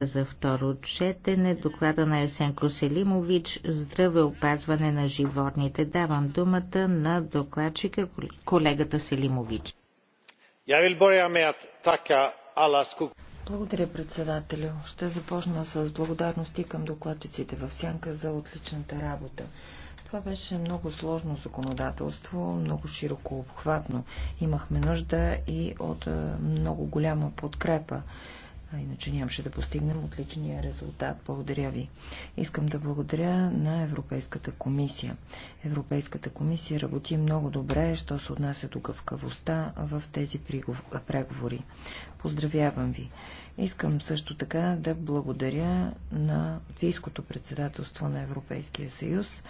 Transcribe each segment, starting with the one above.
за второ четене доклада на Есенко Селимович Здравеопазване на животните. Давам думата на докладчика колегата Селимович. Благодаря, председателю. Ще започна с благодарности към докладчиците в Сянка за отличната работа. Това беше много сложно законодателство, много широко обхватно. Имахме нужда и от е, много голяма подкрепа а иначе нямаше да постигнем отличния резултат. Благодаря ви. Искам да благодаря на Европейската комисия. Европейската комисия работи много добре, що се отнася до гъвкавостта в тези преговори. Поздравявам ви. Искам също така да благодаря на Латвийското председателство на Европейския съюз.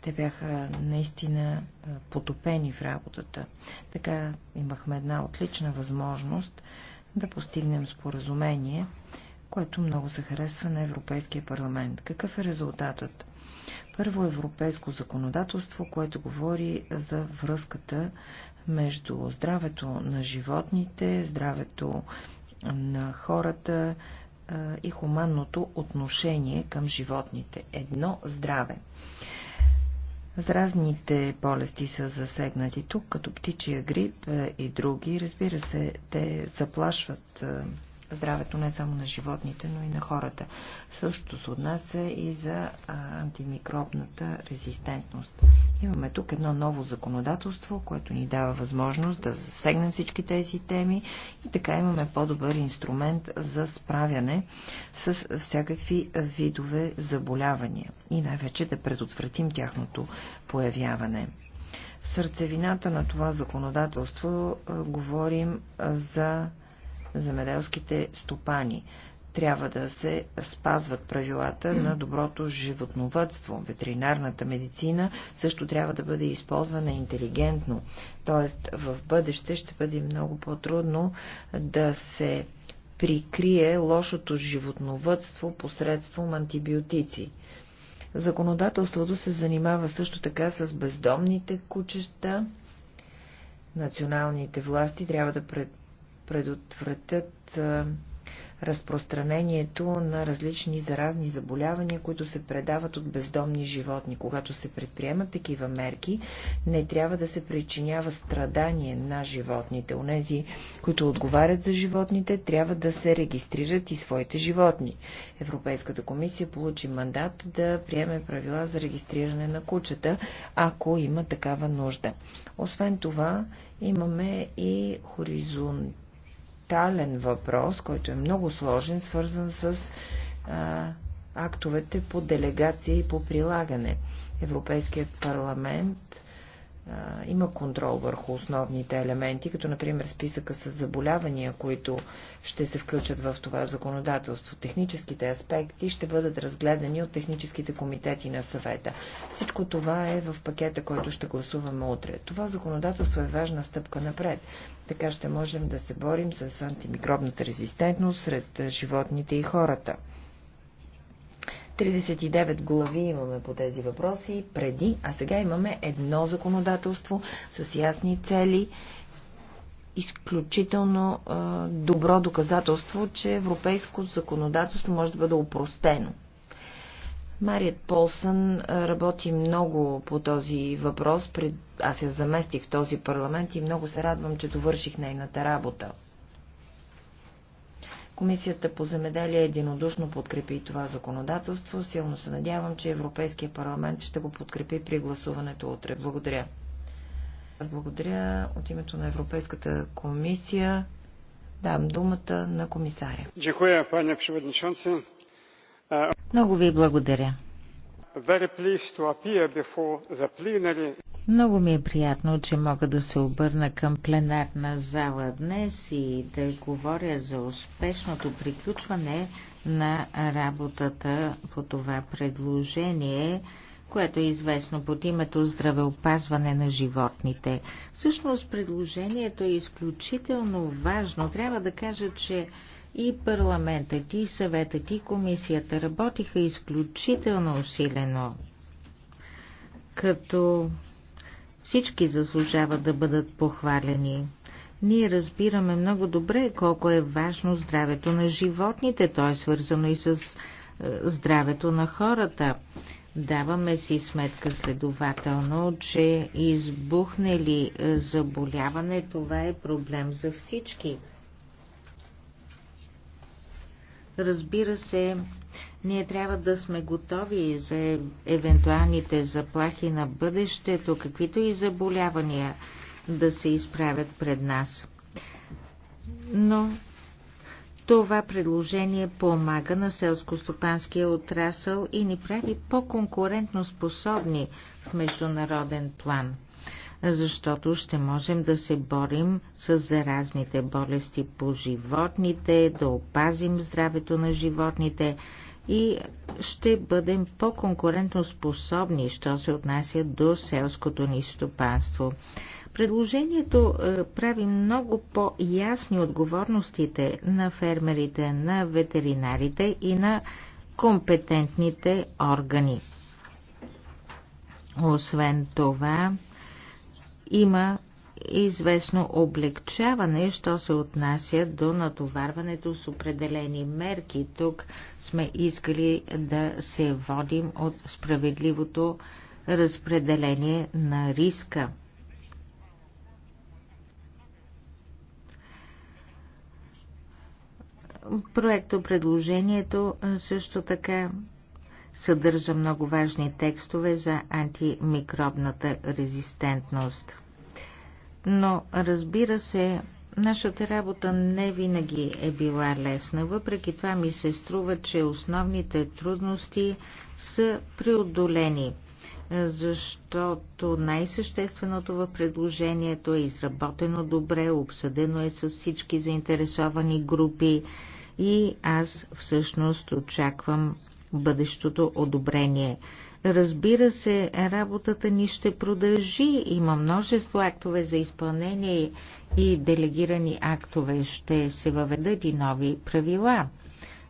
Те бяха наистина потопени в работата. Така имахме една отлична възможност да постигнем споразумение, което много се харесва на Европейския парламент. Какъв е резултатът? Първо европейско законодателство, което говори за връзката между здравето на животните, здравето на хората и хуманното отношение към животните. Едно здраве. Заразните болести са засегнати тук, като птичия грип е, и други. Разбира се, те заплашват е, здравето не само на животните, но и на хората. Същото се отнася и за антимикробната резистентност. Имаме тук едно ново законодателство, което ни дава възможност да засегнем всички тези теми и така имаме по-добър инструмент за справяне с всякакви видове заболявания и най-вече да предотвратим тяхното появяване сърцевината на това законодателство говорим за земеделските стопани. Трябва да се спазват правилата на доброто животновътство. Ветеринарната медицина също трябва да бъде използвана интелигентно. Тоест, в бъдеще ще бъде много по-трудно да се прикрие лошото животновътство посредством антибиотици. Законодателството се занимава също така с бездомните кучета. Националните власти трябва да пред предотвратят разпространението на различни заразни заболявания, които се предават от бездомни животни. Когато се предприемат такива мерки, не трябва да се причинява страдание на животните. Онези, които отговарят за животните, трябва да се регистрират и своите животни. Европейската комисия получи мандат да приеме правила за регистриране на кучета, ако има такава нужда. Освен това, имаме и хоризонт Детален въпрос, който е много сложен, свързан с а, актовете по делегация и по прилагане. Европейският парламент има контрол върху основните елементи, като например списъка с заболявания, които ще се включат в това законодателство. Техническите аспекти ще бъдат разгледани от техническите комитети на съвета. Всичко това е в пакета, който ще гласуваме утре. Това законодателство е важна стъпка напред. Така ще можем да се борим с антимикробната резистентност сред животните и хората. 39 глави имаме по тези въпроси преди, а сега имаме едно законодателство с ясни цели, изключително е, добро доказателство, че европейско законодателство може да бъде упростено. Марият Полсън работи много по този въпрос. Пред... Аз я заместих в този парламент и много се радвам, че довърших нейната работа. Комисията по земеделие единодушно подкрепи това законодателство. Силно се надявам, че Европейския парламент ще го подкрепи при гласуването утре. Благодаря. Аз благодаря от името на Европейската комисия. Дам думата на комисаря. Дякую, пане Много ви благодаря. Много ми е приятно, че мога да се обърна към пленарна зала днес и да говоря за успешното приключване на работата по това предложение, което е известно под името здравеопазване на животните. Всъщност предложението е изключително важно. Трябва да кажа, че и парламентът, и съветът, и комисията работиха изключително усилено. Като всички заслужават да бъдат похвалени. Ние разбираме много добре колко е важно здравето на животните. То е свързано и с е, здравето на хората. Даваме си сметка следователно, че избухне ли е, заболяване, това е проблем за всички. Разбира се, ние трябва да сме готови за евентуалните заплахи на бъдещето, каквито и заболявания да се изправят пред нас. Но това предложение помага на селскостопанския отрасъл и ни прави по-конкурентно способни в международен план, защото ще можем да се борим с заразните болести по животните, да опазим здравето на животните – и ще бъдем по-конкурентно способни, що се отнася до селското ни стопанство. Предложението е, прави много по-ясни отговорностите на фермерите, на ветеринарите и на компетентните органи. Освен това, има известно облегчаване, що се отнася до натоварването с определени мерки. Тук сме искали да се водим от справедливото разпределение на риска. Проекто предложението също така съдържа много важни текстове за антимикробната резистентност. Но разбира се, нашата работа не винаги е била лесна. Въпреки това ми се струва, че основните трудности са преодолени, защото най-същественото в предложението е изработено добре, обсъдено е с всички заинтересовани групи и аз всъщност очаквам бъдещото одобрение. Разбира се, работата ни ще продължи. Има множество актове за изпълнение и делегирани актове. Ще се въведат и нови правила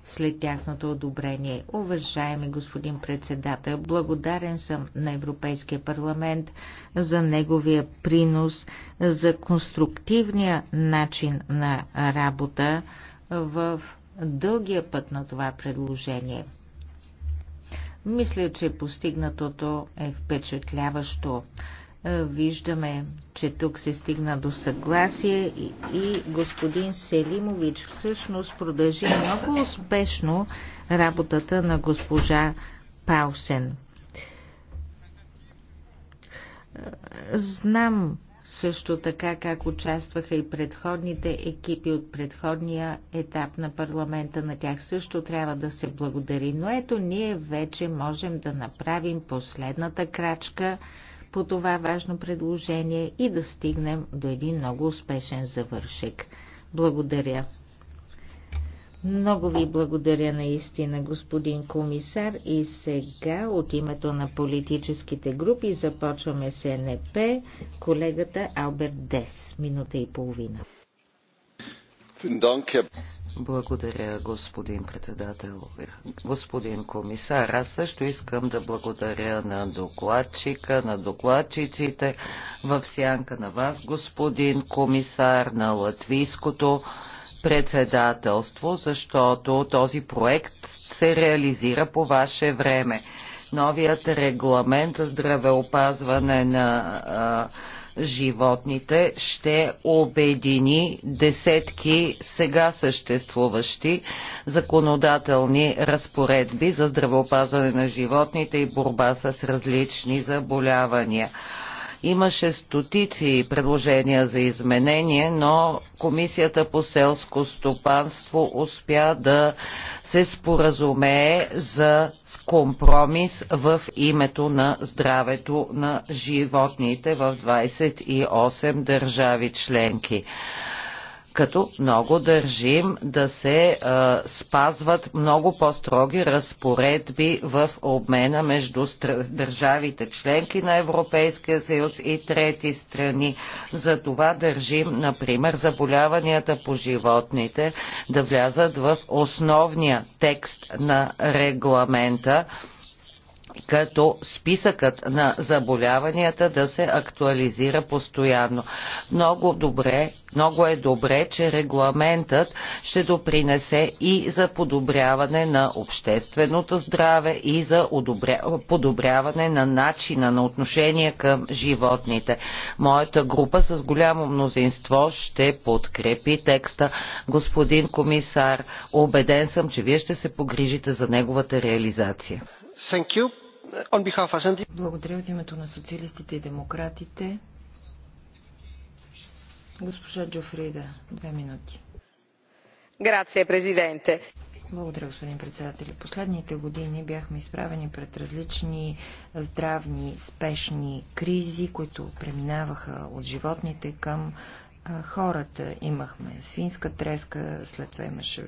след тяхното одобрение. Уважаеми господин председател, благодарен съм на Европейския парламент за неговия принос, за конструктивния начин на работа в дългия път на това предложение. Мисля, че постигнатото е впечатляващо. Е, виждаме, че тук се стигна до съгласие и, и господин Селимович всъщност продължи много успешно работата на госпожа Паусен. Е, знам, също така как участваха и предходните екипи от предходния етап на парламента. На тях също трябва да се благодари. Но ето ние вече можем да направим последната крачка по това важно предложение и да стигнем до един много успешен завършек. Благодаря. Много ви благодаря наистина, господин комисар. И сега от името на политическите групи започваме с НП, колегата Алберт Дес. Минута и половина. Благодаря, господин председател. Господин комисар, аз също искам да благодаря на докладчика, на докладчиците, в сянка на вас, господин комисар, на латвийското председателство, защото този проект се реализира по ваше време. Новият регламент за здравеопазване на а, животните ще обедини десетки сега съществуващи законодателни разпоредби за здравеопазване на животните и борба с различни заболявания. Имаше стотици предложения за изменение, но Комисията по селско стопанство успя да се споразумее за компромис в името на здравето на животните в 28 държави членки като много държим да се а, спазват много по-строги разпоредби в обмена между стр... държавите членки на Европейския съюз и трети страни. За това държим, например, заболяванията по животните да влязат в основния текст на регламента като списъкът на заболяванията да се актуализира постоянно. Много добре, много е добре, че регламентът ще допринесе и за подобряване на общественото здраве и за подобряване на начина на отношение към животните. Моята група с голямо мнозинство ще подкрепи текста. Господин комисар, убеден съм, че вие ще се погрижите за неговата реализация. Благодаря от името на социалистите и демократите. Госпожа Джофрида, две минути. Грация, президенте. Благодаря, господин председател. Последните години бяхме изправени пред различни здравни, спешни кризи, които преминаваха от животните към хората. Имахме свинска треска, след това имаше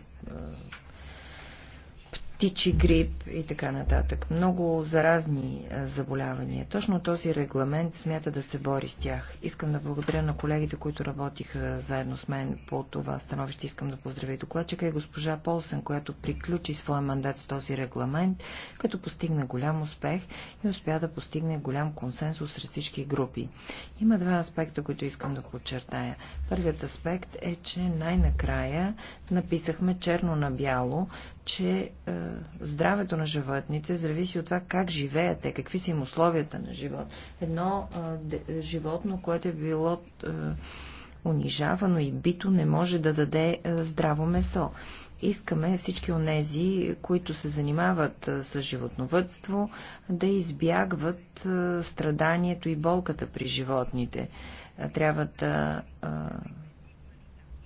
птичи грип и така нататък. Много заразни е, заболявания. Точно този регламент смята да се бори с тях. Искам да благодаря на колегите, които работиха заедно с мен по това становище. Искам да поздравя и докладчика и госпожа Полсен, която приключи своя мандат с този регламент, като постигна голям успех и успя да постигне голям консенсус сред всички групи. Има два аспекта, които искам да подчертая. Първият аспект е, че най-накрая написахме черно на бяло че е, здравето на животните зависи от това как живеят те, какви са им условията на живот. Едно е, е, животно, което е било е, унижавано и бито, не може да даде е, здраво месо. Искаме всички онези, които се занимават е, с животновътство, да избягват е, страданието и болката при животните. Е, трябва да. Е,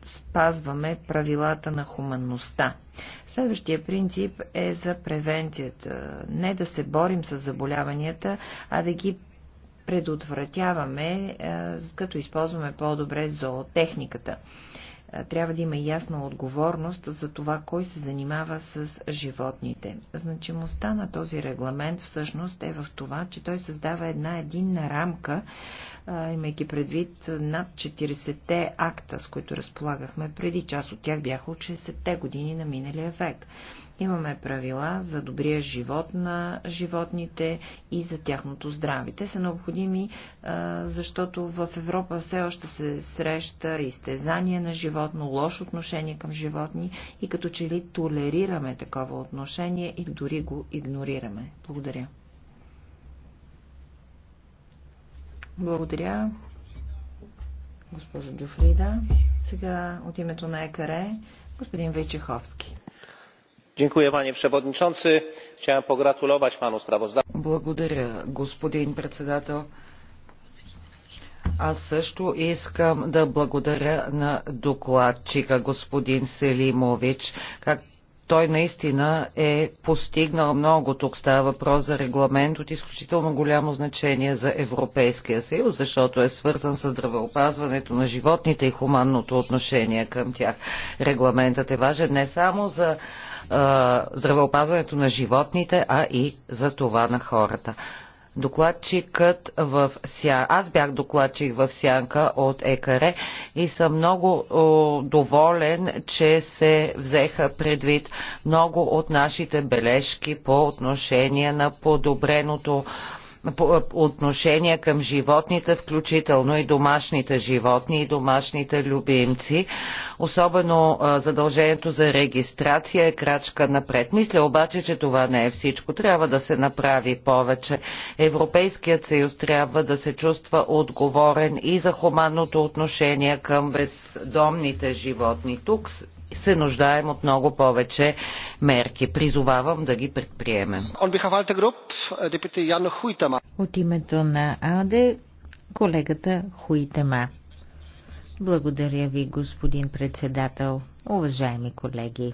спазваме правилата на хуманността. Следващия принцип е за превенцията. Не да се борим с заболяванията, а да ги предотвратяваме, е, като използваме по-добре зоотехниката трябва да има ясна отговорност за това, кой се занимава с животните. Значимостта на този регламент всъщност е в това, че той създава една единна рамка, имайки предвид над 40-те акта, с които разполагахме преди. Част от тях бяха от 60-те години на миналия век. Имаме правила за добрия живот на животните и за тяхното здраве. Те са необходими, защото в Европа все още се среща изтезание на животно, лошо отношение към животни и като че ли толерираме такова отношение и дори го игнорираме. Благодаря. Благодаря, госпожо Джуфрида. Сега от името на ЕКАРЕ господин Вейчеховски panie przewodniczący! chciałem pogratulować panu благодаря господин председател. Аз също искам да благодаря на докладчика господин Селимович. Както той наистина е постигнал много. Тук става въпрос за регламент от изключително голямо значение за Европейския съюз, защото е свързан с здравеопазването на животните и хуманното отношение към тях. Регламентът е важен не само за здравеопазването на животните, а и за това на хората докладчикът в Сянка. Аз бях докладчик в Сянка от ЕКАРЕ и съм много о, доволен, че се взеха предвид много от нашите бележки по отношение на подобреното отношение към животните, включително и домашните животни и домашните любимци. Особено задължението за регистрация е крачка напред. Мисля обаче, че това не е всичко. Трябва да се направи повече. Европейският съюз трябва да се чувства отговорен и за хуманното отношение към бездомните животни. Тук се нуждаем от много повече мерки. Призовавам да ги предприемем. От името на АДЕ, колегата Хуитема. Благодаря ви, господин председател, уважаеми колеги.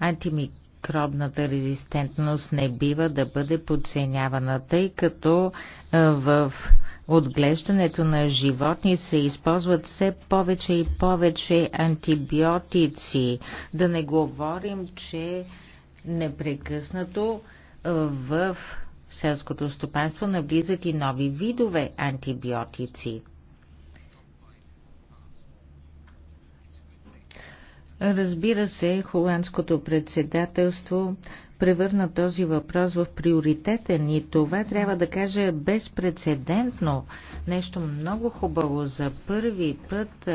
Антимикробната резистентност не бива да бъде подценявана, тъй като в отглеждането на животни се използват все повече и повече антибиотици. Да не говорим, че непрекъснато в селското стопанство навлизат и нови видове антибиотици. Разбира се, холандското председателство превърна този въпрос в приоритетен и това трябва да кажа безпредседентно. Нещо много хубаво. За първи път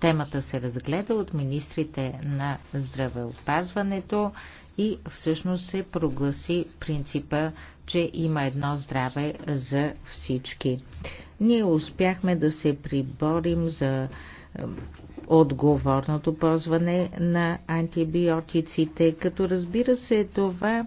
темата се разгледа от министрите на здравеопазването и всъщност се прогласи принципа, че има едно здраве за всички. Ние успяхме да се приборим за отговорното ползване на антибиотиците, като разбира се това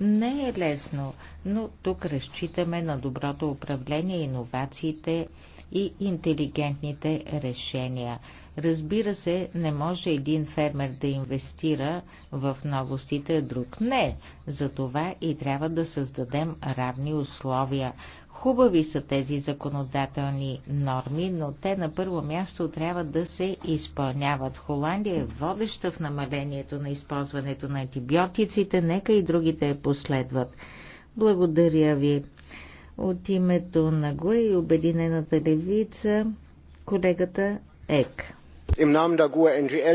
не е лесно, но тук разчитаме на доброто управление, иновациите и интелигентните решения. Разбира се, не може един фермер да инвестира в новостите, друг не. за това и трябва да създадем равни условия. Хубави са тези законодателни норми, но те на първо място трябва да се изпълняват. Холандия е водеща в намалението на използването на антибиотиците, нека и другите я последват. Благодаря ви. От името на ГУЕ и Обединената левица, колегата Ек.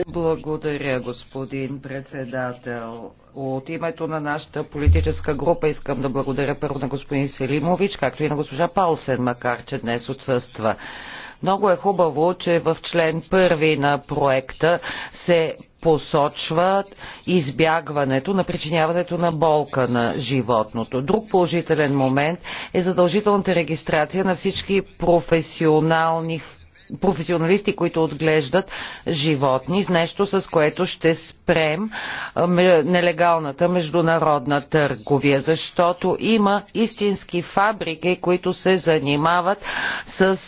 Благодаря, господин председател. От името на нашата политическа група искам да благодаря първо на господин Селимович, както и на госпожа Паусен, макар че днес отсъства. Много е хубаво, че в член първи на проекта се посочват избягването на причиняването на болка на животното. Друг положителен момент е задължителната регистрация на всички професионални професионалисти, които отглеждат животни, с нещо с което ще спрем нелегалната международна търговия, защото има истински фабрики, които се занимават с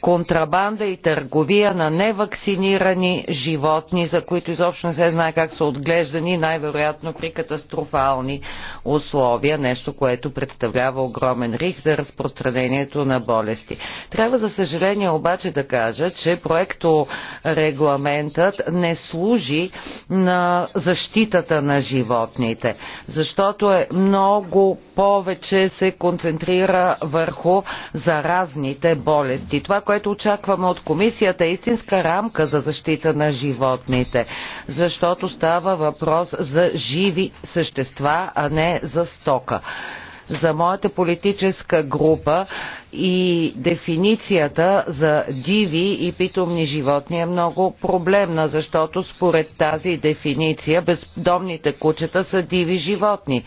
контрабанда и търговия на невакцинирани животни, за които изобщо не се знае как са отглеждани, най-вероятно при катастрофални условия, нещо, което представлява огромен риск за разпространението на болести. Трябва, за съжаление, обаче да кажа, че проекто регламентът не служи на защитата на животните, защото е много повече се концентрира върху заразните болести. Това, което очакваме от комисията е истинска рамка за защита на животните, защото става въпрос за живи същества, а не за стока за моята политическа група и дефиницията за диви и питомни животни е много проблемна, защото според тази дефиниция бездомните кучета са диви животни.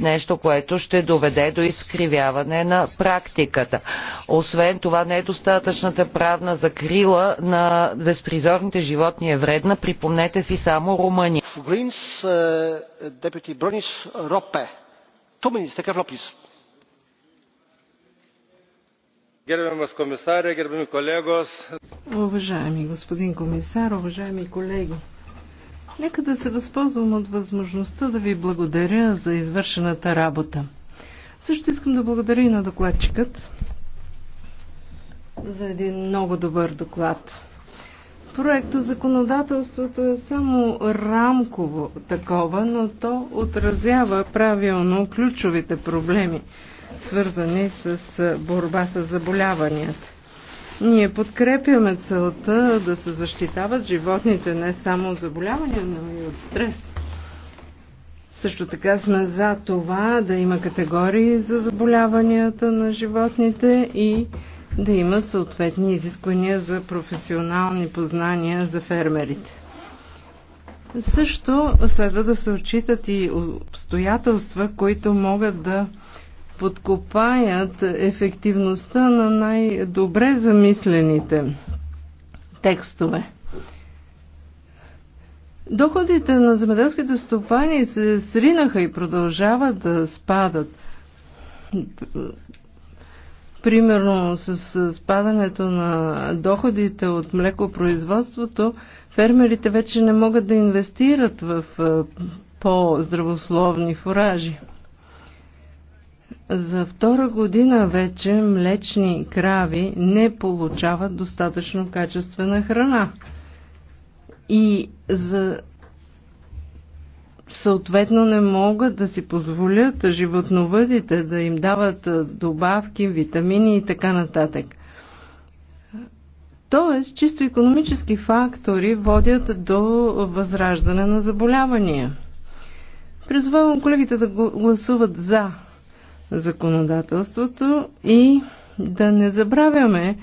Нещо, което ще доведе до изкривяване на практиката. Освен това, недостатъчната правна закрила на безпризорните животни е вредна. Припомнете си само Румъния. Greens, uh, Deputy Bronis Rope gerbiamas gerbiami kolegos Уважаеми господин комисар, уважаеми колеги! Нека да се възползвам от възможността да ви благодаря за извършената работа. Също искам да благодаря и на докладчикът за един много добър доклад. Проекто законодателството е само рамково такова, но то отразява правилно ключовите проблеми, свързани с борба с заболяванията. Ние подкрепяме целта да се защитават животните не само от заболявания, но и от стрес. Също така сме за това да има категории за заболяванията на животните и да има съответни изисквания за професионални познания за фермерите. Също следва да се отчитат и обстоятелства, които могат да подкопаят ефективността на най-добре замислените текстове. Доходите на земеделските стопани се сринаха и продължават да спадат. Примерно с спадането на доходите от млекопроизводството, фермерите вече не могат да инвестират в по-здравословни фуражи. За втора година вече млечни крави не получават достатъчно качествена храна. И за съответно не могат да си позволят животновъдите да им дават добавки, витамини и така нататък. Тоест, чисто економически фактори водят до възраждане на заболявания. Призовавам колегите да гласуват за законодателството и да не забравяме,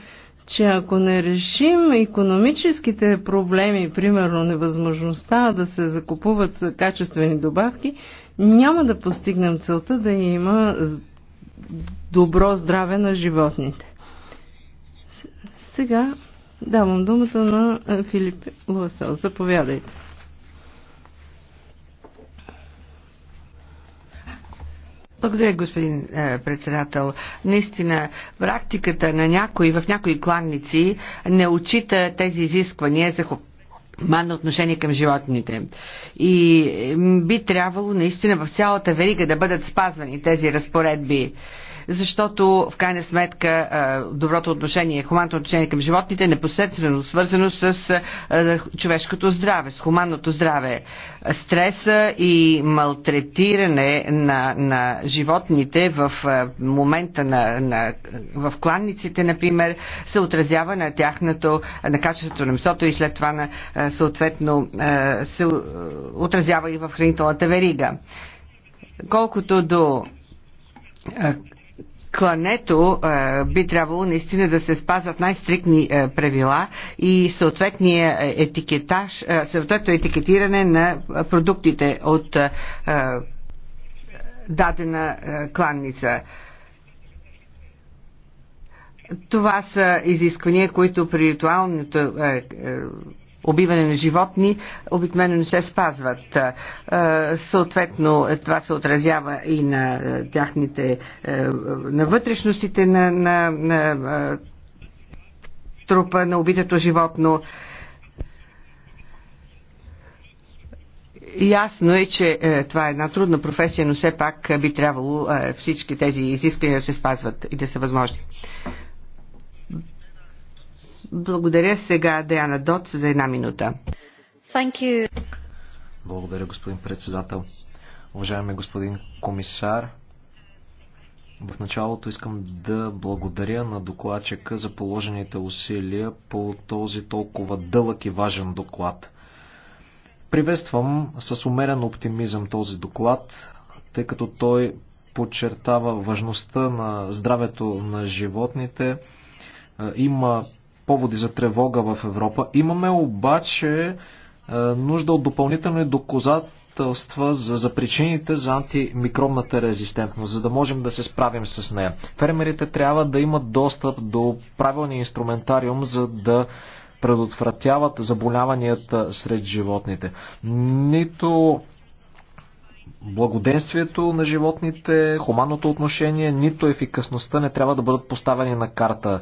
че ако не решим економическите проблеми, примерно невъзможността да се закупуват качествени добавки, няма да постигнем целта да има добро здраве на животните. Сега давам думата на е, Филип Луасел. Заповядайте. Благодаря, господин е, председател. Наистина, практиката на някои, в някои кланници не отчита тези изисквания за хуманно отношение към животните. И би трябвало наистина в цялата верига да бъдат спазвани тези разпоредби защото в крайна сметка доброто отношение, хуманното отношение към животните е непосредствено свързано с човешкото здраве, с хуманното здраве. Стреса и малтретиране на, на животните в момента на, на, в кланниците, например, се отразява на тяхното, на качеството на месото и след това на, съответно се отразява и в хранителната верига. Колкото до клането е, би трябвало наистина да се спазват най-стрикни е, правила и съответния етикетаж, е, съответно етикетиране на продуктите от дадена кланница. Това са изисквания, които при ритуалното убиване на животни обикновено не се спазват. Е, съответно, това се отразява и на е, тяхните, е, на вътрешностите на, на, на трупа на убитото животно. Ясно е, че е, това е една трудна професия, но все пак би трябвало е, всички тези изисквания да се спазват и да са възможни. Благодаря сега Деяна Дот за една минута. Thank you. Благодаря, господин председател. Уважаеми господин комисар, в началото искам да благодаря на докладчика за положените усилия по този толкова дълъг и важен доклад. Приветствам с умерен оптимизъм този доклад, тъй като той подчертава важността на здравето на животните. Има поводи за тревога в Европа. Имаме обаче е, нужда от допълнителни доказателства за, за причините за антимикробната резистентност, за да можем да се справим с нея. Фермерите трябва да имат достъп до правилния инструментариум, за да предотвратяват заболяванията сред животните. Нито благоденствието на животните, хуманното отношение, нито ефикасността не трябва да бъдат поставени на карта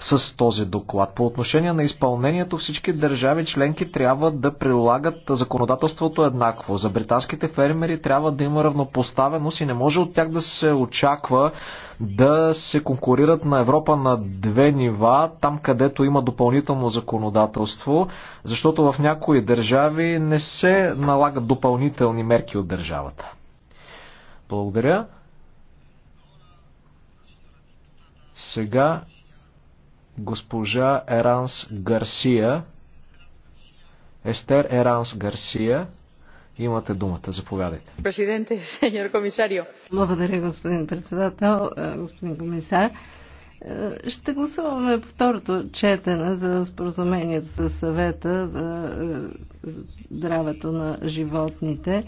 с този доклад. По отношение на изпълнението всички държави членки трябва да прилагат законодателството еднакво. За британските фермери трябва да има равнопоставеност и не може от тях да се очаква да се конкурират на Европа на две нива, там където има допълнително законодателство, защото в някои държави не се налагат допълнителни мерки от държавата. Благодаря. Сега госпожа Еранс Гарсия. Естер Еранс Гарсия. Имате думата. Заповядайте. Президенте, сеньор комисарио. Благодаря, господин председател, е, господин комисар. Е, ще гласуваме по второто четене за споразумението с съвета е, за здравето на животните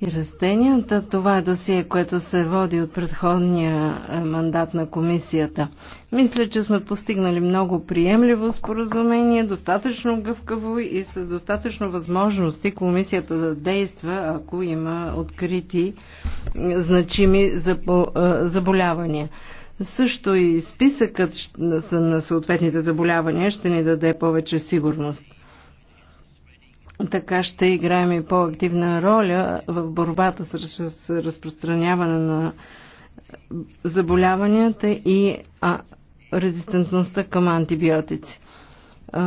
и растенията. Това е досие, което се води от предходния е, мандат на комисията. Мисля, че сме постигнали много приемливо споразумение, достатъчно гъвкаво и с достатъчно възможности комисията да действа, ако има открити е, значими е, заболявания. Също и списъкът на съответните заболявания ще ни даде повече сигурност. Така ще играем и по-активна роля в борбата с разпространяване на заболяванията и а, резистентността към антибиотици.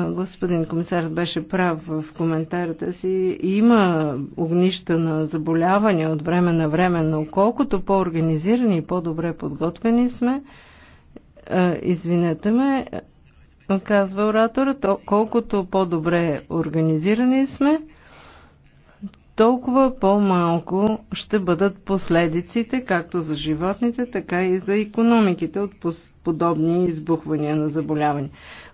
Господин комисарът беше прав в коментарите си. Има огнища на заболявания от време на време, но колкото по-организирани и по-добре подготвени сме, извинете ме, казва оратора, колкото по-добре организирани сме, толкова по-малко ще бъдат последиците, както за животните, така и за економиките от подобни избухвания на заболявания.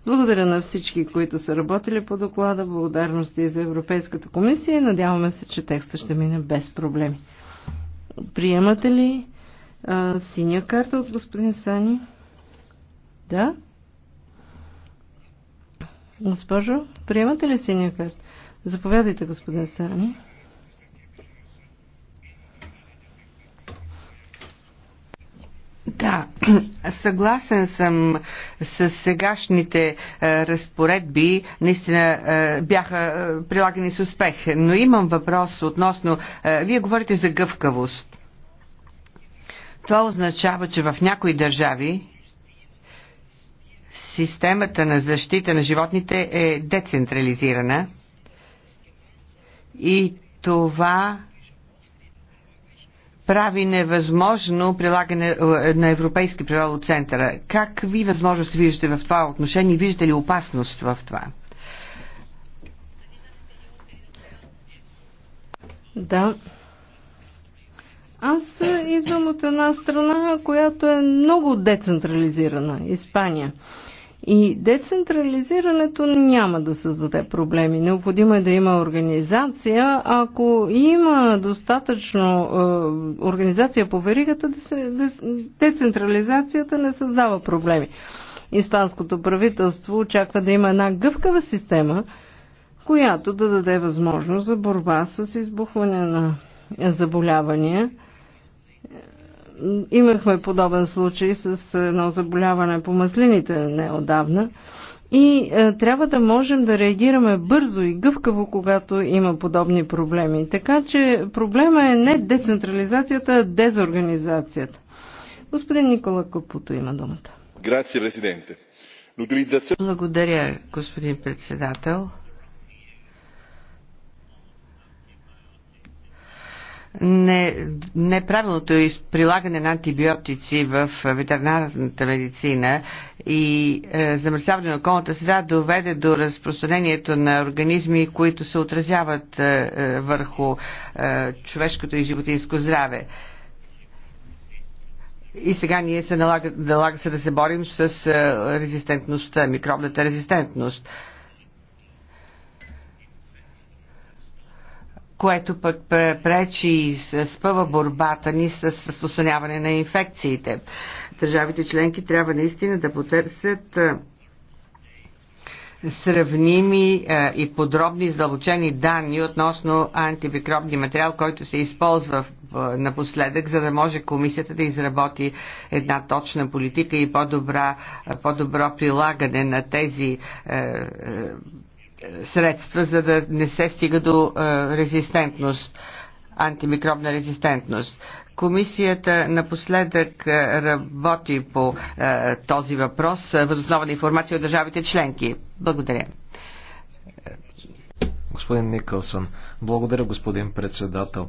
Благодаря на всички, които са работили по доклада, благодарности и за Европейската комисия и надяваме се, че текста ще мине без проблеми. Приемате ли а, синя карта от господин Сани? Да? Госпожо, приемате ли синия карт? Заповядайте, господин Сани. Да, съгласен съм с сегашните е, разпоредби. Наистина е, бяха е, прилагани с успех, но имам въпрос относно. Е, вие говорите за гъвкавост. Това означава, че в някои държави Системата на защита на животните е децентрализирана и това прави невъзможно прилагане е, на европейски правила от центъра. Как ви възможност виждате в това отношение? Виждате ли опасност в това? Да. Аз идвам от една страна, която е много децентрализирана Испания. И децентрализирането няма да създаде проблеми. Необходимо е да има организация. Ако има достатъчно е, организация по веригата, децентрализацията не създава проблеми. Испанското правителство очаква да има една гъвкава система, която да даде възможност за борба с избухване на заболявания имахме подобен случай с едно заболяване по маслините неодавна. И е, трябва да можем да реагираме бързо и гъвкаво, когато има подобни проблеми. Така че проблема е не децентрализацията, а дезорганизацията. Господин Никола Копуто, има думата. Благодаря, господин председател. не, неправилното е прилагане на антибиотици в ветеринарната медицина и е, замърсяване на околната среда доведе до разпространението на организми, които се отразяват е, е, върху е, човешкото и животинско здраве. И сега ние се налага, налага се да се борим с е, резистентността, микробната резистентност. Е, което пък пречи и спъва борбата ни с разпространяване на инфекциите. Държавите членки трябва наистина да потърсят сравними и подробни задълбочени данни относно антимикробни материал, който се използва напоследък, за да може комисията да изработи една точна политика и по-добро по прилагане на тези средства, за да не се стига до резистентност, антимикробна резистентност. Комисията напоследък работи по този въпрос възоснова на информация от държавите членки. Благодаря. Господин Никълсън, благодаря господин председател.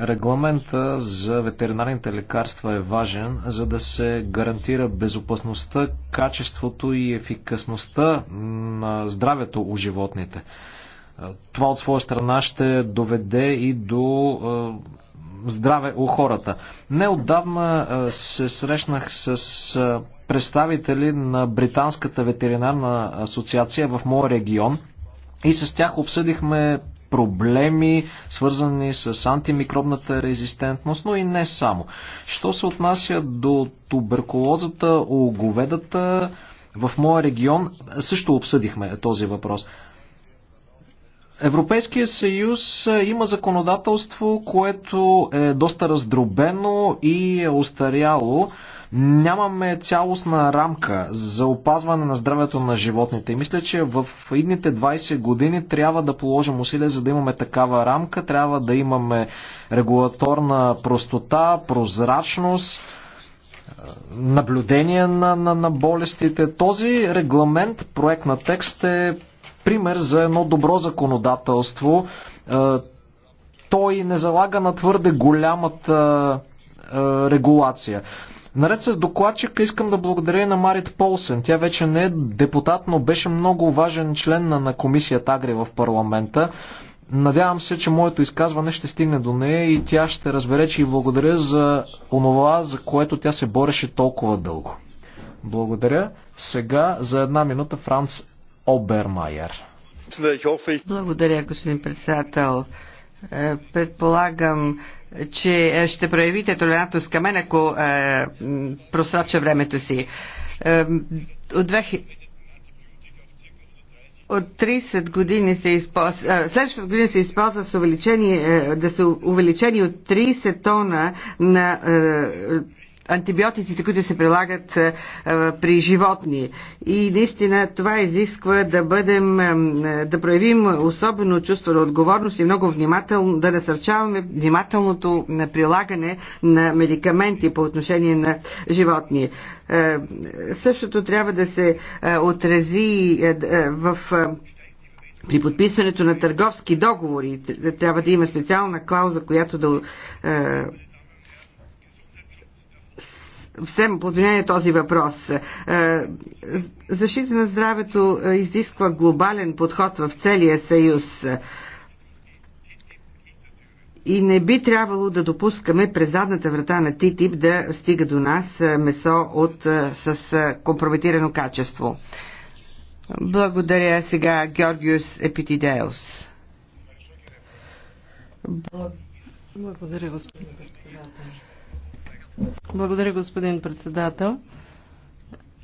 Регламента за ветеринарните лекарства е важен, за да се гарантира безопасността, качеството и ефикасността на здравето у животните. Това от своя страна ще доведе и до здраве у хората. Неотдавна се срещнах с представители на Британската ветеринарна асоциация в моя регион и с тях обсъдихме проблеми, свързани с антимикробната резистентност, но и не само. Що се отнася до туберкулозата, оговедата, в моя регион също обсъдихме този въпрос. Европейския съюз има законодателство, което е доста раздробено и е устаряло. Нямаме цялостна рамка за опазване на здравето на животните. И мисля, че в идните 20 години трябва да положим усилия, за да имаме такава рамка. Трябва да имаме регулаторна простота, прозрачност, наблюдение на, на, на болестите. Този регламент, проект на текст е пример за едно добро законодателство. Е, той не залага на твърде голямата е, регулация. Наред с докладчика искам да благодаря на Марит Полсен. Тя вече не е депутат, но беше много важен член на, на комисията Агри в парламента. Надявам се, че моето изказване ще стигне до нея и тя ще разбере, че и благодаря за онова, за което тя се бореше толкова дълго. Благодаря. Сега за една минута Франц Обермайер. Благодаря, господин председател. Е, предполагам, че е, ще проявите толерантност към мен, ако е, просроча времето си. Е, от 2000 от 30 години се използва, следващата година се използва с увеличение, да са увеличени от 30 тона на антибиотиците, които се прилагат е, е, при животни. И наистина това изисква да бъдем, е, да проявим особено чувство на отговорност и много внимателно, да насърчаваме внимателното прилагане на медикаменти по отношение на животни. Същото трябва да се отрази в при подписването на търговски договори трябва да има специална клауза, която да Всем под внимание този въпрос. Е, защита на здравето изисква глобален подход в целия съюз и не би трябвало да допускаме през задната врата на ТИТИП да стига до нас месо от, е, с е, компрометирано качество. Благодаря сега Георгиус Епитидеус. Благодаря, господин председател. Благодаря, господин председател.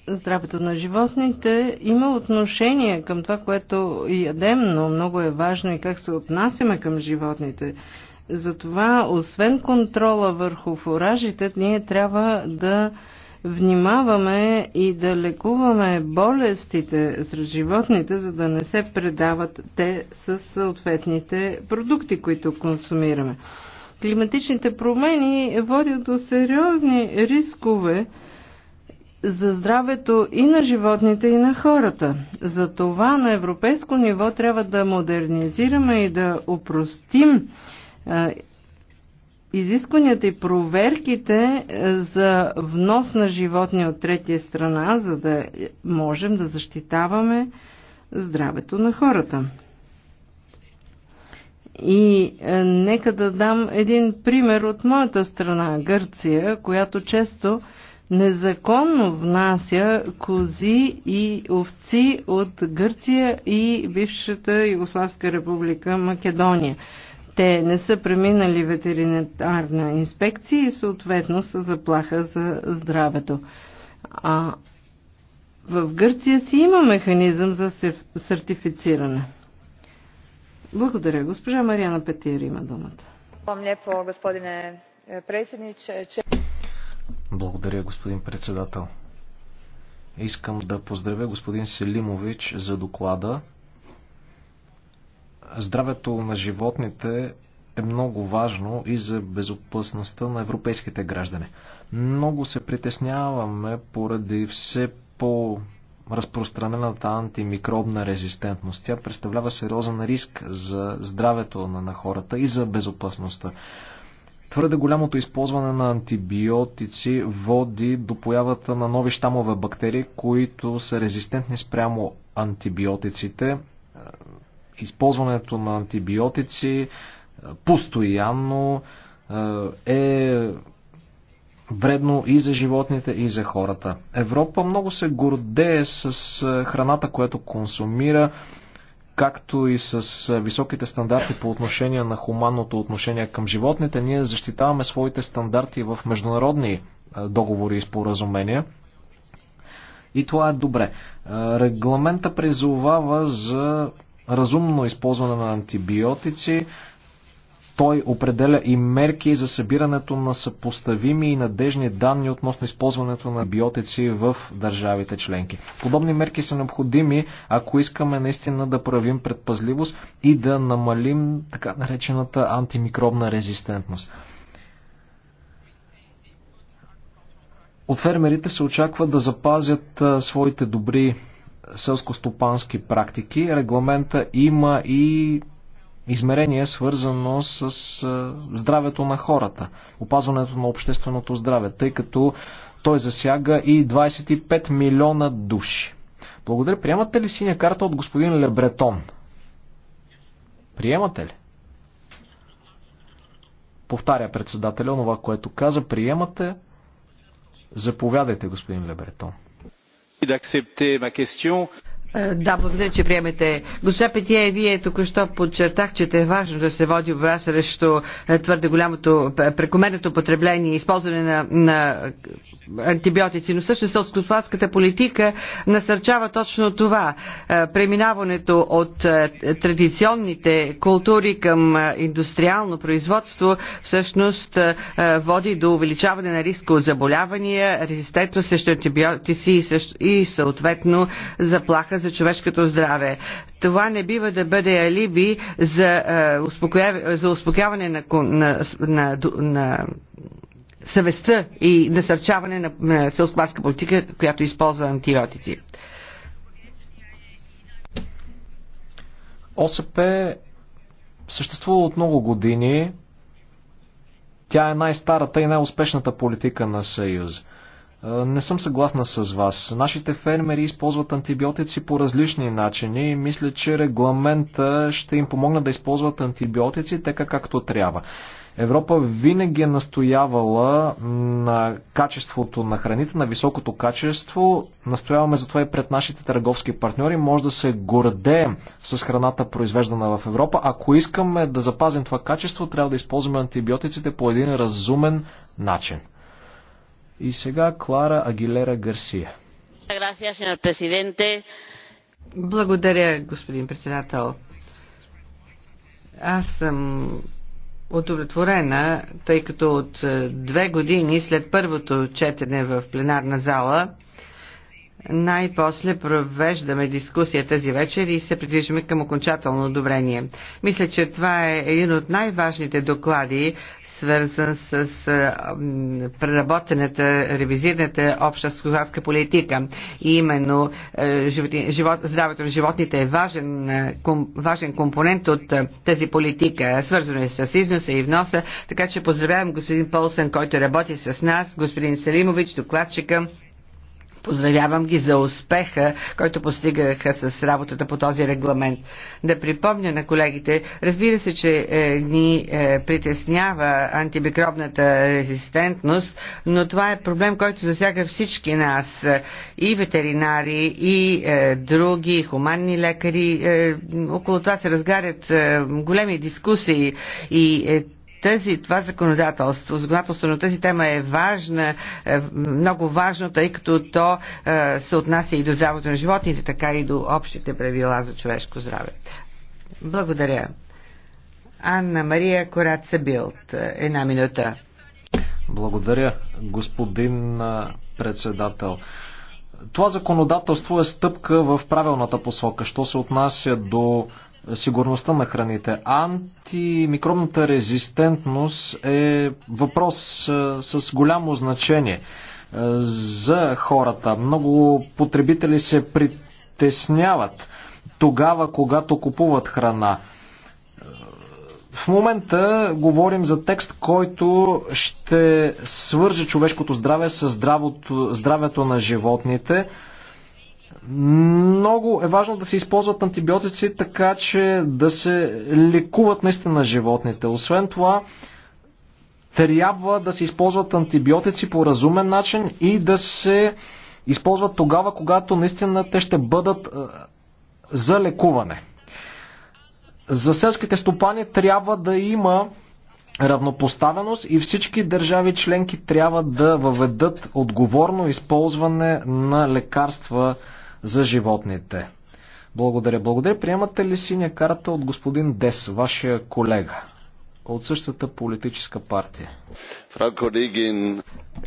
Здравето на животните има отношение към това, което ядем, но много е важно и как се отнасяме към животните. Затова, освен контрола върху фуражите, ние трябва да внимаваме и да лекуваме болестите сред животните, за да не се предават те с съответните продукти, които консумираме климатичните промени водят до сериозни рискове за здравето и на животните, и на хората. За това на европейско ниво трябва да модернизираме и да упростим изискванията и проверките за внос на животни от третия страна, за да можем да защитаваме здравето на хората. И е, нека да дам един пример от моята страна, Гърция, която често незаконно внася кози и овци от Гърция и бившата Югославска република Македония. Те не са преминали ветеринарна инспекция и съответно са заплаха за здравето. А в Гърция си има механизъм за сертифициране. Благодаря. Госпожа Марияна Петир има думата. Е, Благодаря, господин председател. Искам да поздравя господин Селимович за доклада. Здравето на животните е много важно и за безопасността на европейските граждани. Много се притесняваме поради все по разпространената антимикробна резистентност. Тя представлява сериозен риск за здравето на, на хората и за безопасността. Твърде голямото използване на антибиотици води до появата на нови щамове бактерии, които са резистентни спрямо антибиотиците. Е, използването на антибиотици е, постоянно е, е вредно и за животните, и за хората. Европа много се гордее с храната, която консумира, както и с високите стандарти по отношение на хуманното отношение към животните. Ние защитаваме своите стандарти в международни договори и споразумения. И това е добре. Регламента призовава за разумно използване на антибиотици, той определя и мерки за събирането на съпоставими и надежни данни относно използването на биотици в държавите членки. Подобни мерки са необходими, ако искаме наистина да правим предпазливост и да намалим така наречената антимикробна резистентност. От фермерите се очаква да запазят своите добри селско-стопански практики. Регламента има и измерение, свързано с здравето на хората, опазването на общественото здраве, тъй като той засяга и 25 милиона души. Благодаря. Приемате ли синя карта от господин Лебретон? Приемате ли? Повтаря председателя онова, което каза. Приемате? Заповядайте, господин Лебретон. Е, да, благодаря, че приемете. Госпожа Петия, вие току-що подчертах, че е важно да се води борба срещу е, твърде голямото е, прекомерното потребление и използване на, на антибиотици. Но също селскотварската политика насърчава точно това. Преминаването от традиционните култури към индустриално производство всъщност води до увеличаване на риска от заболявания, резистентност срещу антибиотици и съответно заплаха за човешкото здраве. Това не бива да бъде алиби за, е, успокояване, за успокояване на, на, на, на съвестта и насърчаване на, на селскопарска политика, която използва антибиотици. ОСП е съществува от много години. Тя е най-старата и най-успешната политика на Съюз. Не съм съгласна с вас. Нашите фермери използват антибиотици по различни начини и мисля, че регламента ще им помогне да използват антибиотици така както трябва. Европа винаги е настоявала на качеството на храните, на високото качество. Настояваме за това и пред нашите търговски партньори. Може да се гордеем с храната, произвеждана в Европа. Ако искаме да запазим това качество, трябва да използваме антибиотиците по един разумен начин. И сега Клара Агилера Гарсия. Благодаря, господин председател. Аз съм удовлетворена, тъй като от е, две години след първото четене в пленарна зала най-после провеждаме дискусия тази вечер и се придвижваме към окончателно одобрение. Мисля, че това е един от най-важните доклади, свързан с преработената, ревизираната обща скохарска политика. И именно живот, здравето на животните е важен, ком, важен компонент от тази политика. Свързано е с износа и вноса, така че поздравявам господин Полсен, който работи с нас, господин Салимович, докладчика Поздравявам ги за успеха, който постигаха с работата по този регламент. Да припомня на колегите, разбира се, че е, ни е, притеснява антибикробната резистентност, но това е проблем, който засяга всички нас, е, и ветеринари, и е, други, и хуманни лекари. Е, около това се разгарят е, големи дискусии и е, тези, това законодателство, законодателство на тази тема е важна, е много важно, тъй като то е, се отнася и до здравето на животните, така и до общите правила за човешко здраве. Благодаря. Анна Мария Кораца Билт. Една минута. Благодаря, господин председател. Това законодателство е стъпка в правилната посока, що се отнася до сигурността на храните. Антимикробната резистентност е въпрос с голямо значение за хората. Много потребители се притесняват тогава, когато купуват храна. В момента говорим за текст, който ще свърже човешкото здраве с здравото, здравето на животните. Много е важно да се използват антибиотици, така че да се лекуват наистина животните. Освен това, трябва да се използват антибиотици по разумен начин и да се използват тогава, когато наистина те ще бъдат е, за лекуване. За селските стопани трябва да има равнопоставеност и всички държави членки трябва да въведат отговорно използване на лекарства за животните. Благодаря, благодаря. Приемате ли синя карта от господин Дес, вашия колега? От същата политическа партия.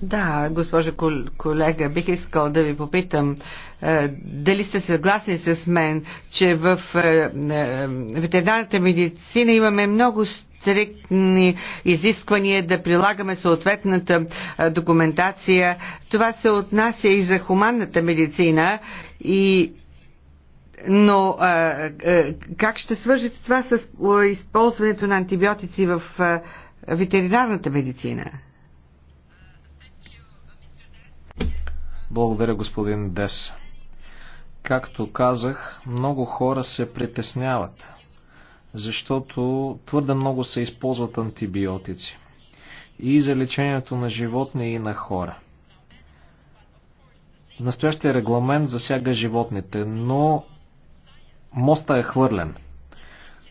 Да, госпожо колега, бих искал да ви попитам е, дали сте съгласни с мен, че в е, е, ветеринарната медицина имаме много стриктни изисквания да прилагаме съответната документация. Това се отнася и за хуманната медицина и но а, а, как ще свържете това с а, използването на антибиотици в а, ветеринарната медицина? Благодаря, господин Дес. Както казах, много хора се притесняват защото твърде много се използват антибиотици и за лечението на животни и на хора. Настоящия регламент засяга животните, но моста е хвърлен.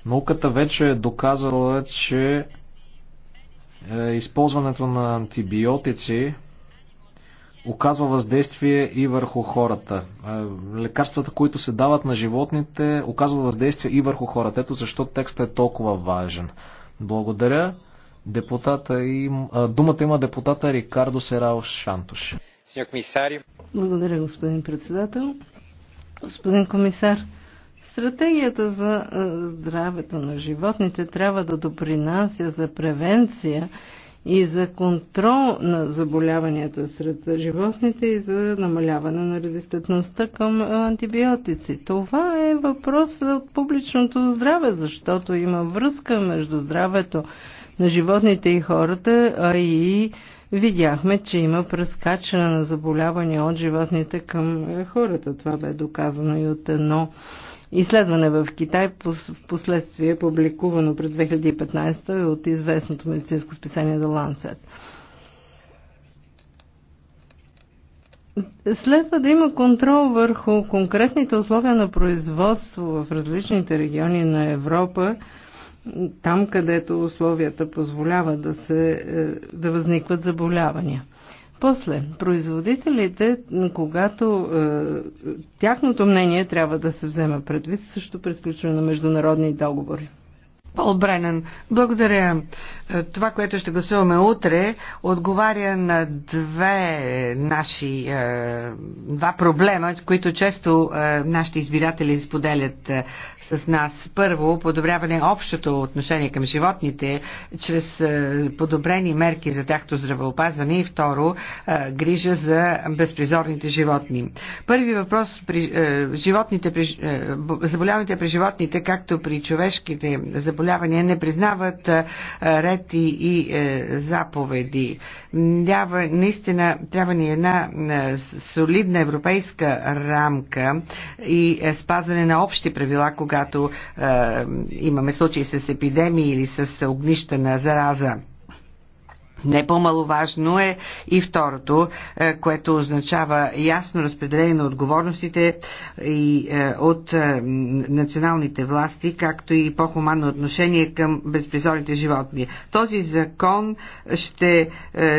Науката вече е доказала, че е, използването на антибиотици оказва въздействие и върху хората. Е, лекарствата, които се дават на животните, оказва въздействие и върху хората. Ето защо текстът е толкова важен. Благодаря. Депутата им, думата има депутата Рикардо Серао Шантош. Благодаря, господин председател. Господин комисар, стратегията за здравето на животните трябва да допринася за превенция и за контрол на заболяванията сред животните и за намаляване на резистентността към антибиотици. Това е въпрос за публичното здраве, защото има връзка между здравето на животните и хората, а и видяхме, че има прескачане на заболявания от животните към хората. Това бе доказано и от едно изследване в Китай, в последствие публикувано през 2015 е от известното медицинско списание The Lancet. Следва да има контрол върху конкретните условия на производство в различните региони на Европа, там където условията позволяват да, се, е, да възникват заболявания. После, производителите, когато е, тяхното мнение трябва да се взема предвид също при сключване на международни договори. Пол Бренен, благодаря. Е, това, което ще гласуваме утре, отговаря на две наши, е, два проблема, които често е, нашите избиратели споделят с нас. Първо, подобряване общото отношение към животните чрез подобрени мерки за тяхто здравеопазване и второ, грижа за безпризорните животни. Първи въпрос при животните, при, заболяваните при животните, както при човешките заболявания, заболявания не признават ред и, е, заповеди. Дява, наистина трябва ни една е, солидна европейска рамка и е, спазване на общи правила, когато имаме случаи с епидемии или с огнища на зараза. Не по-маловажно е и второто, е, което означава ясно разпределение на отговорностите и е, от е, националните власти, както и по-хуманно отношение към безпризорните животни. Този закон ще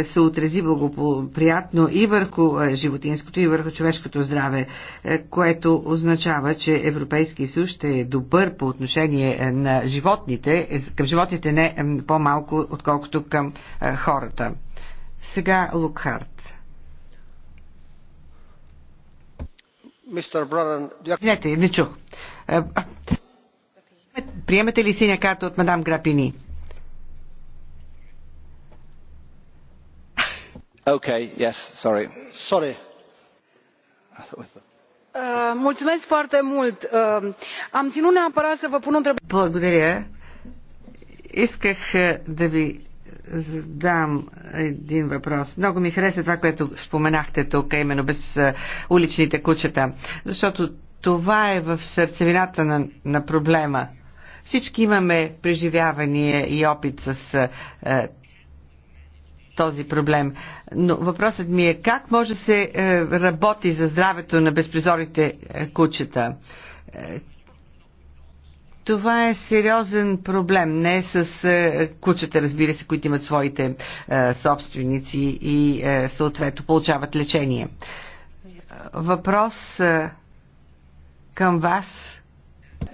се отрази благоприятно и върху животинското, и върху човешкото здраве, което означава, че Европейския съюз ще е добър по отношение на животните, към животните не по-малко, отколкото към хората хората. Сега Лукхарт. Мистер Бранан... Извинете, не чух. Е, приемате ли синя карта от мадам Грапини? Okay, yes, sorry. Sorry. Е, mulțumesc foarte mult. Е, am ținut neapărat să vă pun o întrebare. Благодаря. Исках да ви задам един въпрос. Много ми хареса това, което споменахте тук, именно без уличните кучета, защото това е в сърцевината на, на проблема. Всички имаме преживявания и опит с е, този проблем. Но въпросът ми е как може да се е, работи за здравето на безпризорните е, кучета? Това е сериозен проблем. Не с е, кучета, разбира се, които имат своите е, собственици и е, съответно получават лечение. Въпрос към вас.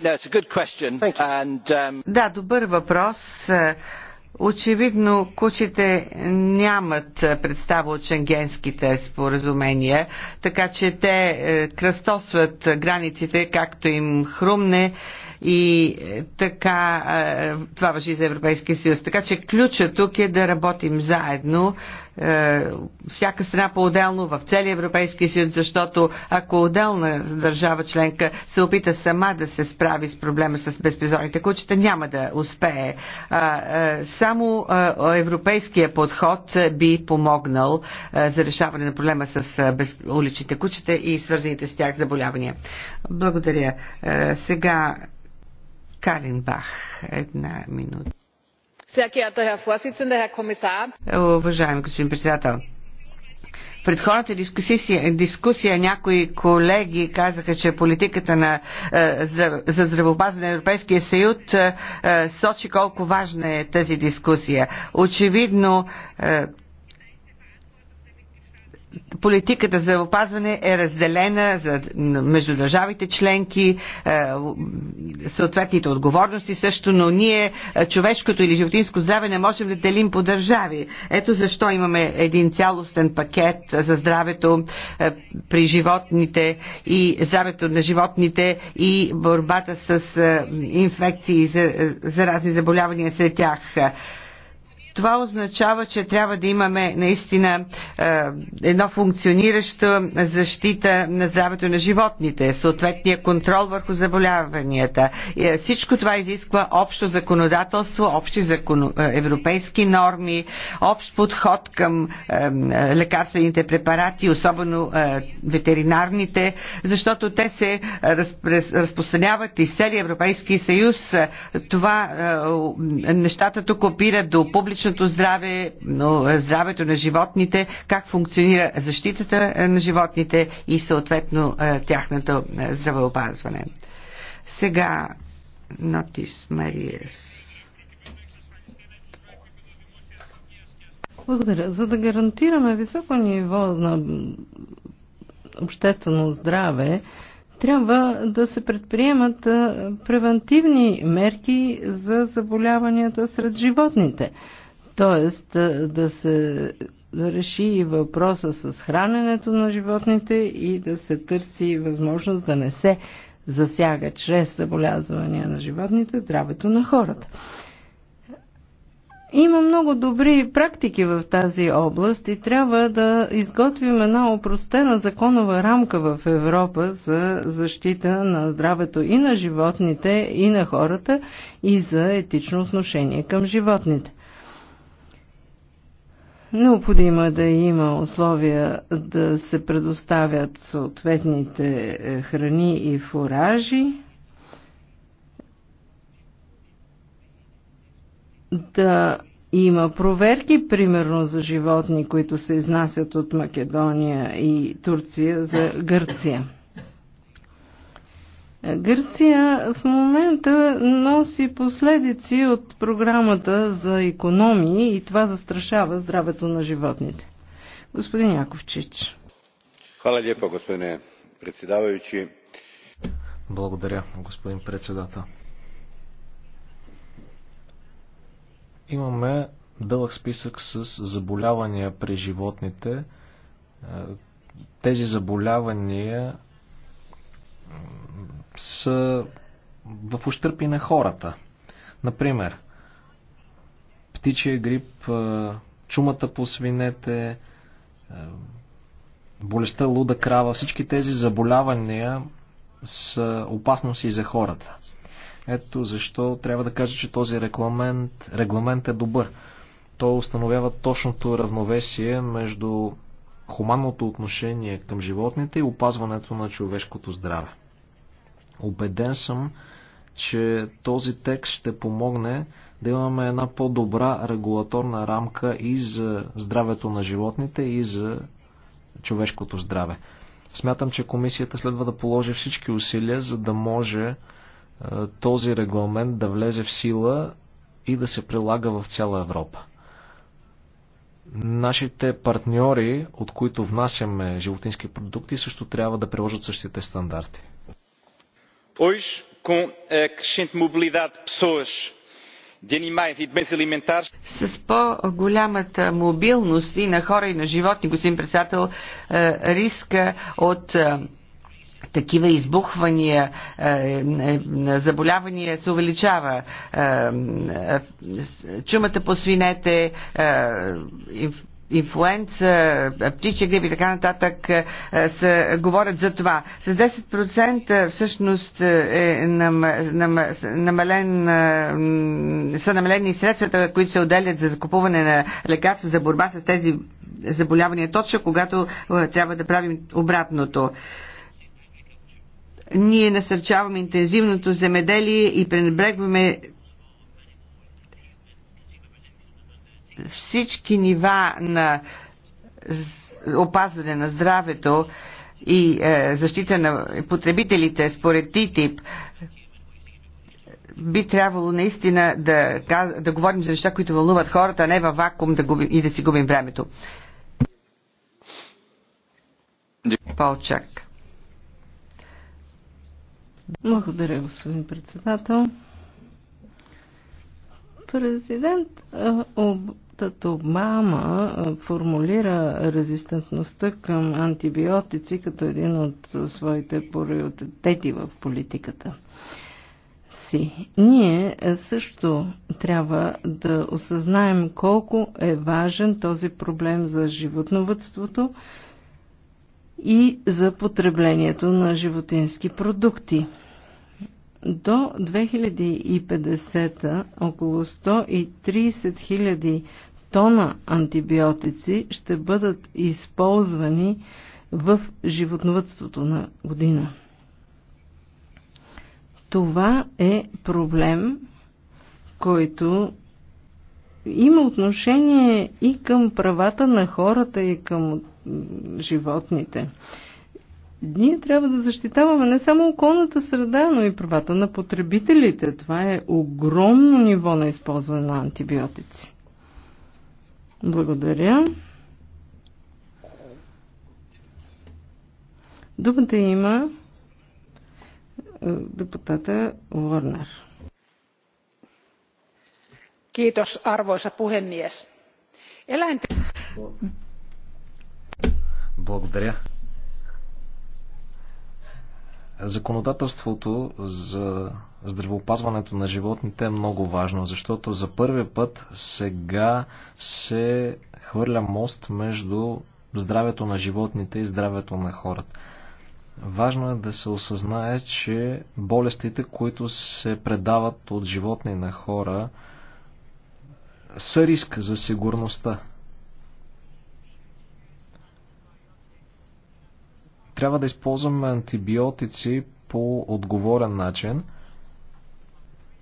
No, And, um... Да, добър въпрос. Очевидно, кучите нямат представа от шенгенските споразумения, така че те кръстосват границите както им хрумне и е, така, е, това въжи за Европейския съюз. Така че ключа тук е да работим заедно, е, всяка страна по-отделно в целия Европейския съюз, защото ако отделна държава членка се опита сама да се справи с проблема с безпризорните кучета, няма да успее. Само европейския подход би помогнал за решаване на проблема с уличните кучета и свързаните с тях заболявания. Благодаря. Сега Каленбах. Една минута. Е, уважаеми господин председател, предходната дискусия, дискусия някои колеги казаха, че политиката на, е, за, за здравеопазване на Европейския съюз е, сочи колко важна е тази дискусия. Очевидно политиката за опазване е разделена за, между държавите членки, е, съответните отговорности също, но ние е, човешкото или животинско здраве не можем да делим по държави. Ето защо имаме един цялостен пакет за здравето е, при животните и здравето на животните и борбата с инфекции и заразни заболявания сред тях. Това означава, че трябва да имаме наистина е, едно функциониращо защита на здравето на животните, съответния контрол върху заболяванията. Е, всичко това изисква общо законодателство, общи закон... Е, европейски норми, общ подход към лекарствените препарати, особено ветеринарните, защото те се разпространяват из целия Европейски съюз. Това нещата тук опират до публично личното здраве, е, здравето на животните, как функционира защитата е, на животните и съответно е, тяхното здравеопазване. Сега Нотис Мариес. Благодаря. За да гарантираме високо ниво на обществено здраве, трябва да се предприемат превентивни мерки за заболяванията сред животните. Тоест да се реши и въпроса с храненето на животните и да се търси възможност да не се засяга чрез заболязвания на животните здравето на хората. Има много добри практики в тази област и трябва да изготвим една опростена законова рамка в Европа за защита на здравето и на животните, и на хората, и за етично отношение към животните. Необходимо е да има условия да се предоставят съответните е, храни и фуражи, да има проверки, примерно за животни, които се изнасят от Македония и Турция за Гърция. Гърция в момента носи последици от програмата за економии и това застрашава здравето на животните. Господин Яковчич. Хвала лепо, господине председавајучи. Благодаря, господин председател. Имаме дълъг списък с заболявания при животните. Е, тези заболявания са в ущърпи на хората. Например, птичия грип, чумата по свинете, болестта луда крава, всички тези заболявания са опасност и за хората. Ето защо трябва да кажа, че този регламент, регламент е добър. Той установява точното равновесие между хуманното отношение към животните и опазването на човешкото здраве. Обеден съм, че този текст ще помогне да имаме една по-добра регулаторна рамка и за здравето на животните, и за човешкото здраве. Смятам, че комисията следва да положи всички усилия, за да може е, този регламент да влезе в сила и да се прилага в цяла Европа. Нашите партньори, от които внасяме животински продукти, също трябва да приложат същите стандарти hoje com a crescente mobilidade de pessoas de de animais e bens alimentares. с по-голямата мобилност и на хора и на животни, господин председател, е, риска от е, такива избухвания е, на заболявания се увеличава. Чумата по свинете, инфлуенца, птичия грип и така нататък е, са, говорят за това. С 10% е, всъщност е, е нам, нам, намален, са намалени средствата, които се отделят за закупуване на лекарство за борба с тези заболявания точно, когато трябва да правим обратното ние насърчаваме интензивното земеделие и пренебрегваме всички нива на опазване на здравето и е, защита на потребителите според ТИТИП би трябвало наистина да, да говорим за неща, които вълнуват хората, а не във вакуум да губим, и да си губим времето. Полчак. Благодаря, господин председател. Президент Доктор Обама формулира резистентността към антибиотици като един от своите приоритети в политиката си. Ние също трябва да осъзнаем колко е важен този проблем за животновътството и за потреблението на животински продукти. До 2050 около 130 000 тона антибиотици ще бъдат използвани в животновътството на година. Това е проблем, който има отношение и към правата на хората, и към животните. Ние трябва да защитаваме не само околната среда, но и правата на потребителите. Това е огромно ниво на използване на антибиотици. Благодаря. Думата има е, депутата Уорнер. Kiitos, arvoisa puhemies. Eläinten... Благодаря, Законодателството за здравеопазването на животните е много важно, защото за първи път сега се хвърля мост между здравето на животните и здравето на хората. Важно е да се осъзнае, че болестите, които се предават от животни на хора, са риск за сигурността Трябва да използваме антибиотици по отговорен начин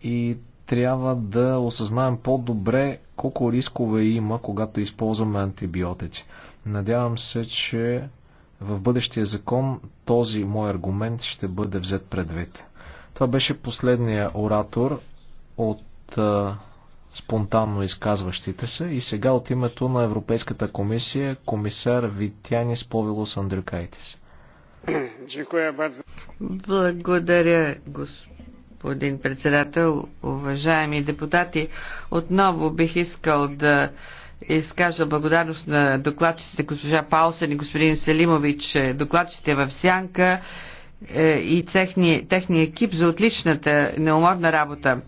и трябва да осъзнаем по-добре колко рискове има, когато използваме антибиотици. Надявам се, че в бъдещия закон този мой аргумент ще бъде взет предвид. Това беше последния оратор от а, спонтанно изказващите се и сега от името на Европейската комисия комисар Витянис Повилос Андрюкайтис. Благодаря, господин председател. Уважаеми депутати, отново бих искал да изкажа благодарност на докладчиците госпожа Паусен и господин Селимович, е, докладчите в Сянка е, и техния, техни екип за отличната неуморна работа.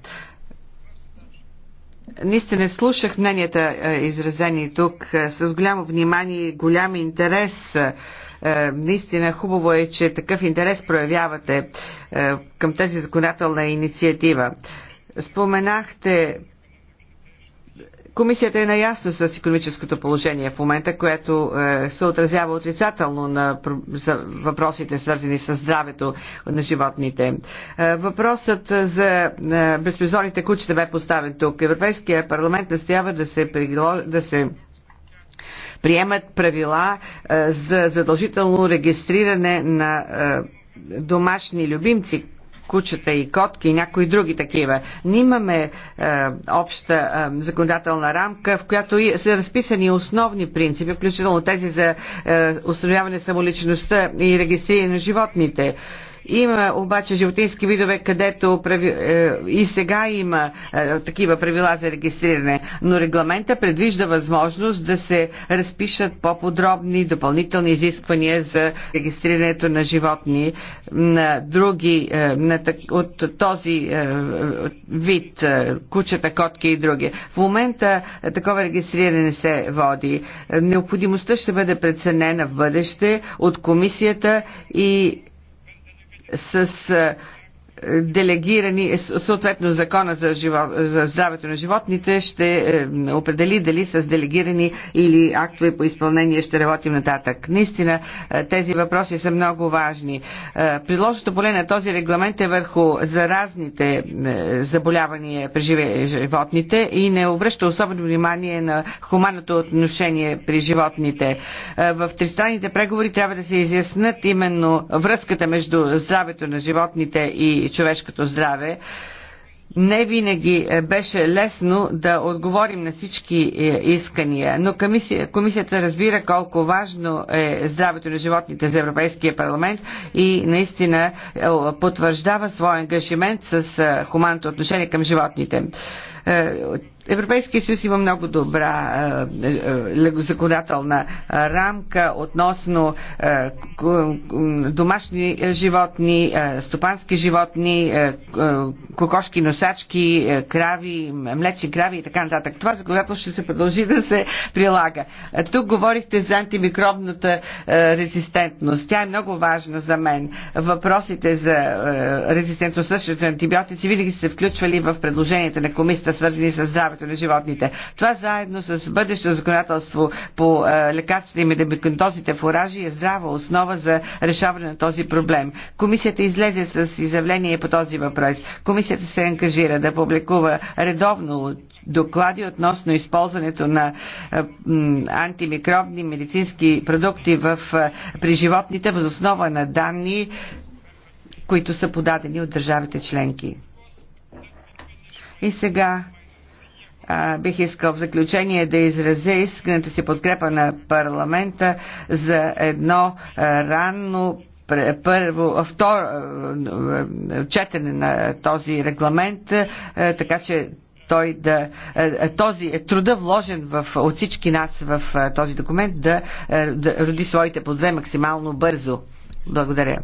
Наистина слушах мненията, е, изразени тук, с голямо внимание и голям интерес. Е, наистина хубаво е, че такъв интерес проявявате е, към тази законодателна инициатива. Споменахте Комисията е наясно с економическото положение в момента, което е, се отразява отрицателно на въпросите, свързани с здравето на животните. Въпросът за безпризорните кучета бе поставен тук. Европейския парламент настоява да се, да се приемат правила е, за задължително регистриране на е, домашни любимци, кучета и котки и някои други такива. Ние имаме е, обща е, законодателна рамка, в която и са разписани основни принципи, включително тези за е, установяване самоличността и регистриране на животните. Е, има обаче животински видове, където прави, е, и сега има е, такива правила за регистриране, но регламента предвижда възможност да се разпишат по-подробни допълнителни изисквания за регистрирането на животни на други е, на, от този е, вид е, кучета, котки и други. В момента е, такова регистриране не се води. Необходимостта ще бъде преценена в бъдеще от комисията и с делегирани, е, съответно закона за, живо, за здравето на животните ще е, определи дали с делегирани или актове по изпълнение ще работим нататък. Наистина е, тези въпроси са много важни. Предложното поле на този регламент е върху заразните заболявания при животните и не обръща особено внимание на хуманното отношение при животните. В тристранните преговори трябва да се изяснат именно връзката между здравето на животните и и човешкото здраве, не винаги е, беше лесно да отговорим на всички е, искания, но комисия, комисията разбира колко важно е здравето на животните за Европейския парламент и наистина е, потвърждава своя ангажимент с хуманното отношение към животните. Е, Европейския съюз има много добра е, е, законодателна рамка относно домашни животни, стопански животни, кокошки носачки, крави, млечни крави и така нататък. Това законодателство ще се продължи да се прилага. Тук говорихте за антимикробната резистентност. Тя е много важна за мен. Въпросите за резистентност същото антибиотици винаги са се включвали в предложенията на комисията свързани с здравето на животните. Това заедно с бъдещо законодателство по е, лекарствата и в фуражи е здрава основа за решаване на този проблем. Комисията излезе с изявление по този въпрос. Комисията се ангажира да публикува редовно доклади относно използването на е, антимикробни медицински продукти в, е, при животните възоснова на данни, които са подадени от държавите членки. И сега а, бих искал в заключение да изразя исканата си подкрепа на парламента за едно а, ранно първо, второ четене на този регламент, така че той да, този е труда вложен в, от всички нас в този документ да, да роди своите подве максимално бързо. Благодаря.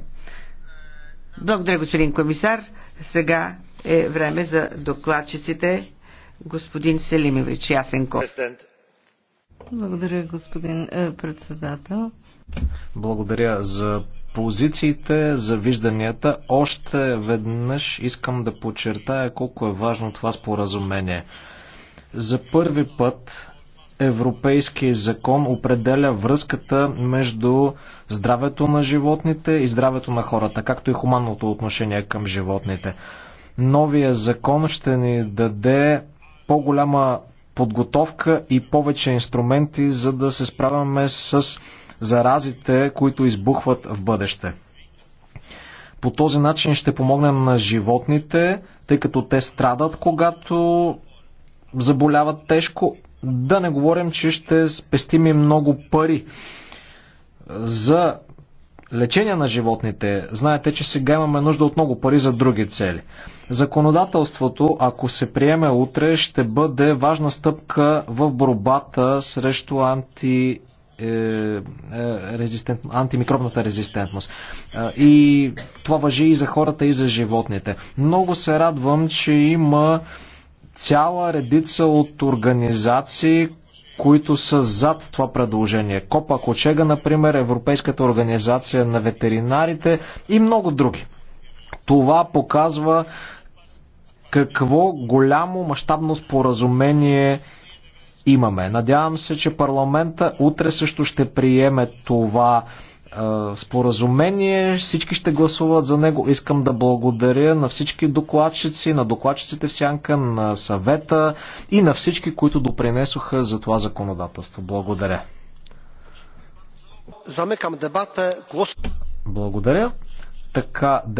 Благодаря, господин комисар. Сега е време за докладчиците господин Селимович Ясенков. Благодаря, господин е, председател. Благодаря за позициите, за вижданията. Още веднъж искам да подчертая колко е важно това споразумение. За първи път европейски закон определя връзката между здравето на животните и здравето на хората, както и хуманното отношение към животните новия закон ще ни даде по-голяма подготовка и повече инструменти, за да се справяме с заразите, които избухват в бъдеще. По този начин ще помогнем на животните, тъй като те страдат, когато заболяват тежко. Да не говорим, че ще спестим и много пари за лечение на животните, знаете, че сега имаме нужда от много пари за други цели. Законодателството, ако се приеме утре, ще бъде важна стъпка в борбата срещу анти е, е антимикробната резистентност. И това въжи и за хората, и за животните. Много се радвам, че има цяла редица от организации, които са зад това предложение. Копа Кочега, например, Европейската организация на ветеринарите и много други. Това показва какво голямо мащабно споразумение имаме. Надявам се, че парламента утре също ще приеме това споразумение, всички ще гласуват за него. Искам да благодаря на всички докладчици, на докладчиците в сянка, на съвета и на всички, които допринесоха за това законодателство. Благодаря. Замекам дебата. Благодаря. Така дебата.